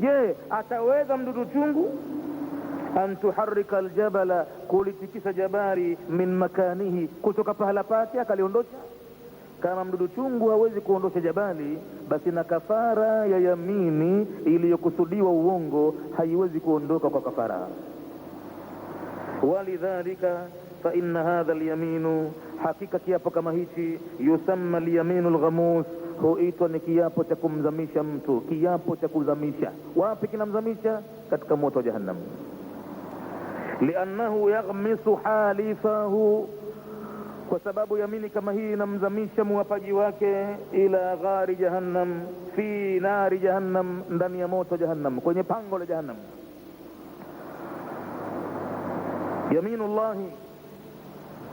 Je, ataweza mdudu chungu an tuharrika aljabala, kulitikisa jabari min makanihi, kutoka pahala pake akaliondosha. Kama mdudu chungu hawezi kuondosha jabali, basi na kafara ya yamini iliyokusudiwa uongo haiwezi kuondoka kwa kafara. Walidhalika fa inna hadha lyaminu hakika kiapo kama hichi yusamma lyaminu lghamus huitwa ni kiapo cha kumzamisha mtu, kiapo cha kuzamisha. Wapi kinamzamisha? Katika moto wa Jahannam. Liannahu yaghmisu halifahu, kwa sababu yamini kama hii inamzamisha mwapaji wake, ila ghari jahannam, fi nari jahannam, ndani ya moto jahannam, kwenye pango la jahannam. Yaminu llahi,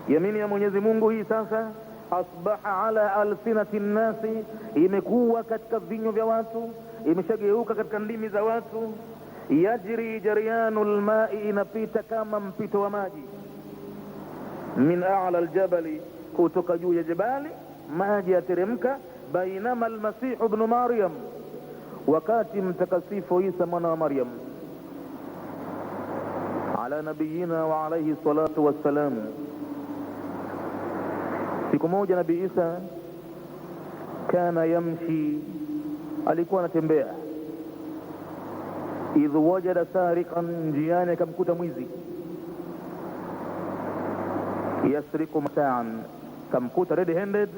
yamini ya Mwenyezi Mungu hii sasa أصبح على ألسنة الناس إمكوا كتك الذنب يواتو إمشجيوك كتك الليم زواتو يجري جريان الماء في كاما في توماجي من أعلى الجبل كتك يو يجبال ماجي يترمك بينما المسيح ابن مريم وكاتم تكسيف إيسى من مريم على نبينا وعليه الصلاة والسلام Siku moja Nabii Isa kana yamshi, alikuwa anatembea. Idh wajada sariqan, njiani akamkuta mwizi. Yasriku mataan, kamkuta red handed,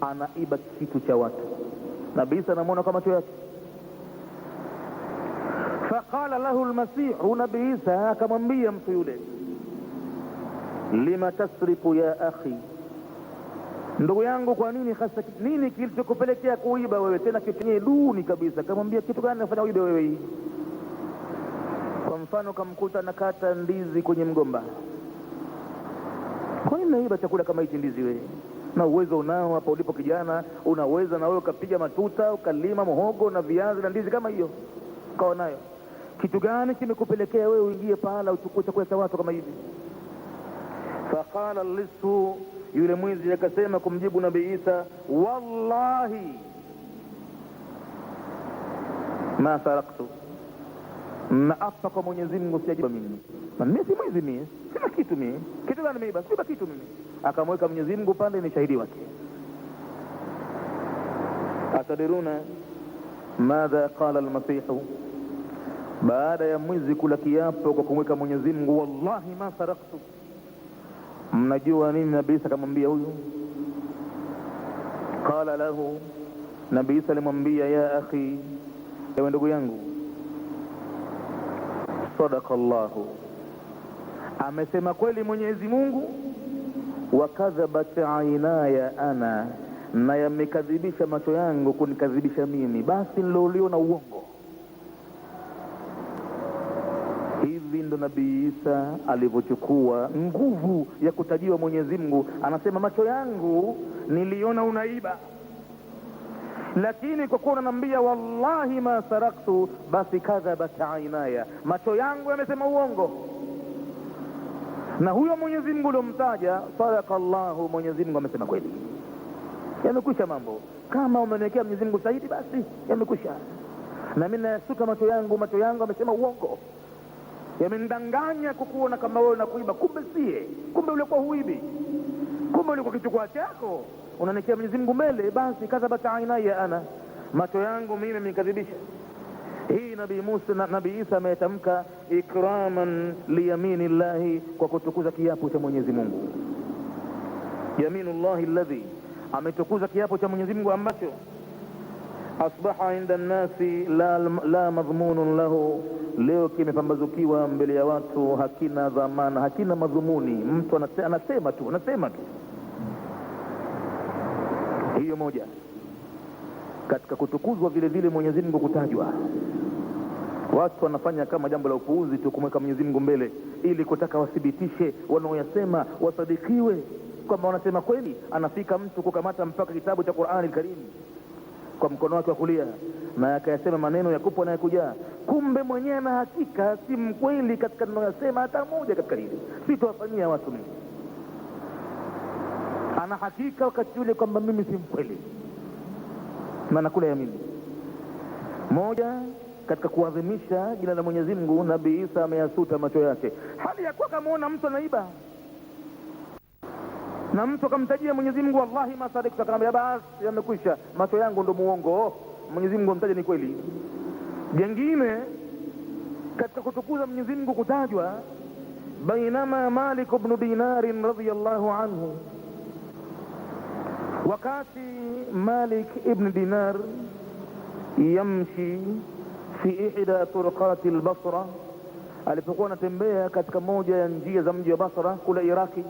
anaiba kitu cha watu. Nabii Isa anamwona kwa macho yake. Faqala lahu lmasihu, Nabii Isa akamwambia mtu yule, lima tasriku ya akhi Ndugu yangu, kwa nini hasa, nini kilichokupelekea kuiba wewe, tena kitenye duni kabisa? Kamwambia kitu gani nafanya uibe wewe hii? Kwa mfano, kamkuta nakata ndizi kwenye mgomba. Kwa nini naiba chakula kama hichi ndizi wewe? Na uwezo unao hapa ulipo kijana, unaweza na wewe ukapiga matuta ukalima muhogo na viazi na ndizi kama hiyo, ukawa nayo. Kitu gani kimekupelekea wewe uingie pahala uchukue chakula cha watu kama hivi? faqala lisu yule mwizi akasema kumjibu Nabii Isa, wallahi ma saraktu, naapa kwa mwenyezimngu Mungu sijajiba mimi, mimi si mwizi, mi sina kitu, mi kitu gani nimeiba? siba kitu mimi. Akamweka mwenyezimngu pale pande, ni shahidi wake. Atadiruna madha qala lmasihu baada ya mwizi kula kiapo kwa kumweka mwenyezimngu wallahi ma saraktu Mnajua nini Nabii Isa akamwambia huyu? Qala lahu, Nabii Isa alimwambia ya akhi, ewe ndugu yangu, sadaqa llahu amesema kweli Mwenyezi Mungu, wa kadhabat ainaya ana, na yamekadhibisha macho yangu kunikadhibisha mimi, basi na uongo Hivi ndo Nabii Isa alivyochukua nguvu ya kutajiwa Mwenyezi Mungu. Anasema, macho yangu niliona unaiba, lakini kwa kuwa unanaambia wallahi ma saraktu, basi kadhabat ainaya, macho yangu yamesema uongo. Na huyo Mwenyezi Mungu uliomtaja, sadaka llahu Mwenyezi Mungu amesema kweli. Yamekwisha mambo. Kama umeniwekea Mwenyezi Mungu shahidi, basi yamekwisha. Na mimi nayasuka macho yangu, macho yangu amesema uongo yamendanganya kukuona kama wewe unakuiba, kumbe sie, kumbe ulikuwa huibi, kumbe ulikuwa kichukua chako unanikia Mwenyezi mbele. Basi kadhabata ainaya, ana macho yangu mimi amenikadhibisha. Hii Nabii Musa na Nabii Isa ametamka ikraman liyamini llahi, kwa kutukuza kiapo cha Mwenyezi Mungu. Yaminu llahi lladhi ametukuza kiapo cha Mwenyezi Mungu ambacho asbaha inda nnasi la, la madhmunun lahu, leo kimepambazukiwa mbele ya watu, hakina dhamana, hakina madhumuni. Mtu anasema tu anasema tu. Hiyo moja katika kutukuzwa vile vile Mwenyezi Mungu kutajwa. Watu wanafanya kama jambo la upuuzi tu kumweka Mwenyezi Mungu mbele, ili kutaka wathibitishe wanaoyasema wasadikiwe kwamba wanasema kweli. Anafika mtu kukamata mpaka kitabu cha Qur'ani Karim kwa mkono wake wa kulia na akayasema maneno ya kupo anayekujaa. Kumbe mwenyewe na hakika si mkweli katika ninayosema hata moja katika hili, sitowafanyia watu mii Ana hakika wakati ule kwamba mimi si mkweli na nakula ya mimi Moja katika kuadhimisha jina la Mwenyezi Mungu, Nabii Isa ameyasuta macho yake hali ya kuwa akamuona mtu anaiba na mtu akamtajia Mwenyezi Mungu, wallahi masadik akamwambia basi, yamekwisha, macho yangu ndo muongo, Mwenyezi Mungu amtaja ni kweli. Jengine katika kutukuza Mwenyezi Mungu kutajwa, bainama Malik bnu Dinarin radiallahu anhu, wakati Malik ibn Dinar yamshi fi ihda turqati lbasra alipokuwa anatembea katika moja ya njia za mji wa Basra kule Iraki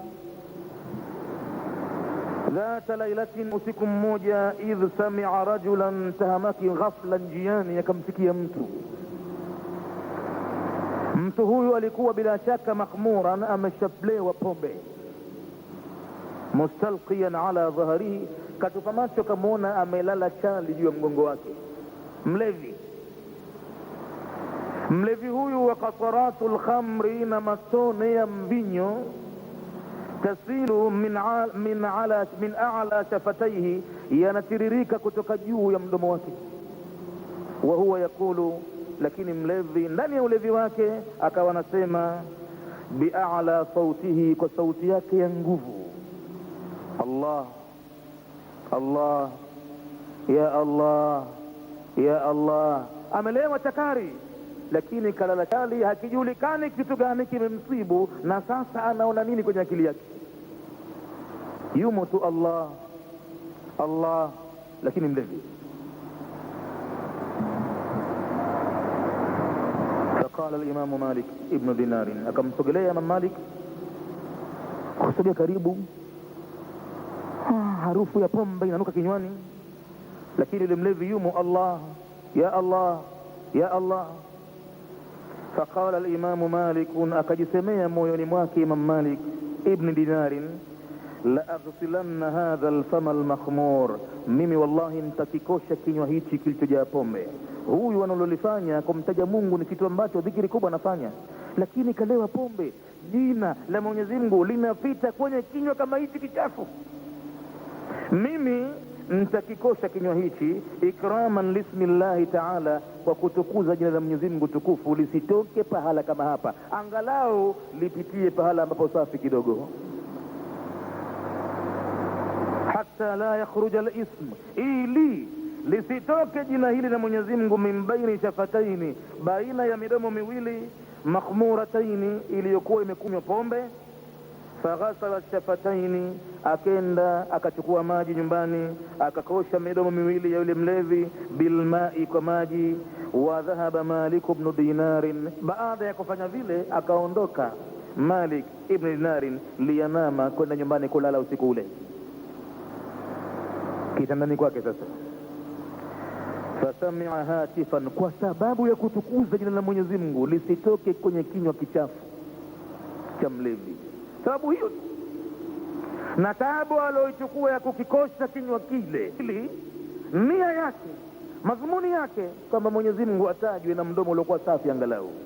dhata lailatin, usiku mmoja, idh samia rajulan tahamaki ghafla, njiani akamsikia mtu. Mtu huyu alikuwa bila shaka makhmuran, ameshaplewa pombe, mustalqiyan ala dhaharihi katupa macho kamwona amelala chali juu ya mgongo wake, mlevi mlevi huyu. Wa kasaratu lkhamri, na matone ya mvinyo tasilu min, al, min, ala, min ala shafataihi, yanatiririka kutoka juu ya mdomo wake. Wa huwa yakulu, lakini mlevi ndani ya ulevi wake akawa anasema biala sautihi, kwa sauti yake ya nguvu, Allah Allah ya Allah ya Allah. Amelewa chakari, lakini kalala kali, hakijulikani kitu gani kimemsibu, na sasa anaona nini kwenye akili yake. يموت الله الله لكن مذهبي فقال الإمام مالك ابن دينار أكم يا من مالك خسجي قريب آه، حروف بوم بين نوكا كنواني لكن المذهبي يمو الله يا الله يا الله فقال الإمام مالك أكجسمي مويني مواكي من مالك ابن دينار la aghsilanna hadha alfama almakhmur, mimi wallahi nitakikosha kinywa hichi kilichojaa pombe. Huyu wanalolifanya kumtaja Mungu ni kitu ambacho dhikiri kubwa anafanya, lakini kalewa pombe. Jina la Mwenyezi Mungu linapita kwenye kinywa kama hichi kichafu. Mimi nitakikosha kinywa hichi ikraman lismillahi taala, kwa kutukuza jina la Mwenyezi Mungu tukufu, lisitoke pahala kama hapa, angalau lipitie pahala ambapo safi kidogo hata la yakhruja lism ili lisitoke jina hili la Mwenyezi Mungu min baini shafataini, baina ya midomo miwili makhmurataini, iliyokuwa imekunywa pombe. Faghasala shafataini, akenda akachukua maji nyumbani akakosha midomo miwili ya yule mlevi, bilmai, kwa maji. Wa dhahaba Maliku bnu Dinarin, baada ya kufanya vile akaondoka Malik ibn Dinarin liyanama, kwenda nyumbani kulala usiku ule kitandani kwake. Sasa fasamia hatifan, kwa sababu ya kutukuza jina la Mwenyezi Mungu lisitoke kwenye kinywa kichafu cha mlevi. Sababu hiyo na tabu aliyoichukua ya kukikosha kinywa kile, ili nia yake, madhumuni yake kwamba Mwenyezi Mungu atajwe na mdomo uliokuwa safi angalau